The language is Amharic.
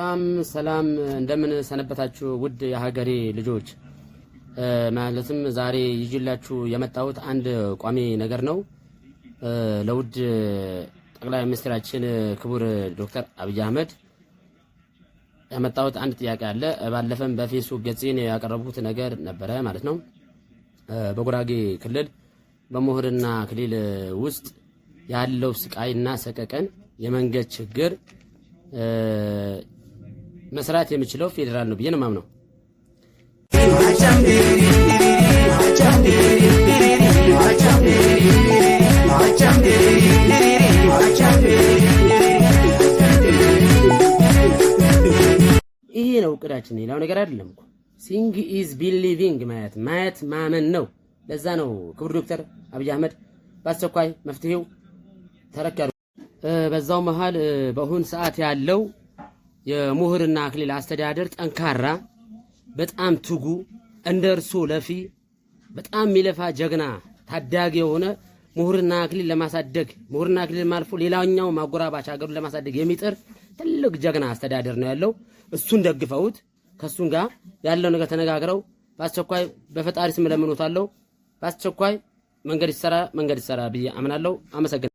ሰላም ሰላም እንደምን ሰነበታችሁ ውድ የሀገሬ ልጆች። ማለትም ዛሬ ይዤላችሁ የመጣሁት አንድ ቋሚ ነገር ነው። ለውድ ጠቅላይ ሚኒስትራችን ክቡር ዶክተር አብይ አህመድ ያመጣሁት አንድ ጥያቄ አለ። ባለፈም በፌስቡክ ገጽን ያቀረብኩት ነገር ነበረ ማለት ነው። በጉራጌ ክልል በምሁርና ክልል ውስጥ ያለው ስቃይና ሰቀቀን የመንገድ ችግር መስራት የምችለው ፌዴራል ነው ብዬ ነው ማምነው። ይሄ ነው እቅዳችን፣ ሌላው ነገር አይደለም ሲንግ ኢዝ ቢሊቪንግ ማየት ማየት ማመን ነው። ለዛ ነው ክቡር ዶክተር አብይ አህመድ በአስቸኳይ መፍትሄው ተረከሩ። በዛው መሀል በአሁን ሰዓት ያለው የምሁርና አክሊል አስተዳደር ጠንካራ፣ በጣም ትጉ፣ እንደ ለፊ፣ በጣም የሚለፋ ጀግና ታዳጊ የሆነ ምሁርና አክሊል ለማሳደግ ምሁርና አክሊል ማልፎ ሌላኛው ማጎራባች ሀገሩን ለማሳደግ የሚጥር ትልቅ ጀግና አስተዳደር ነው ያለው። እሱን ደግፈውት ከእሱን ጋር ያለው ነገር ተነጋግረው በአስቸኳይ በፈጣሪ ስም ለምኖታለሁ። በአስቸኳይ መንገድ ይሰራ መንገድ ይሰራ ብዬ አምናለሁ። አመሰግናለሁ።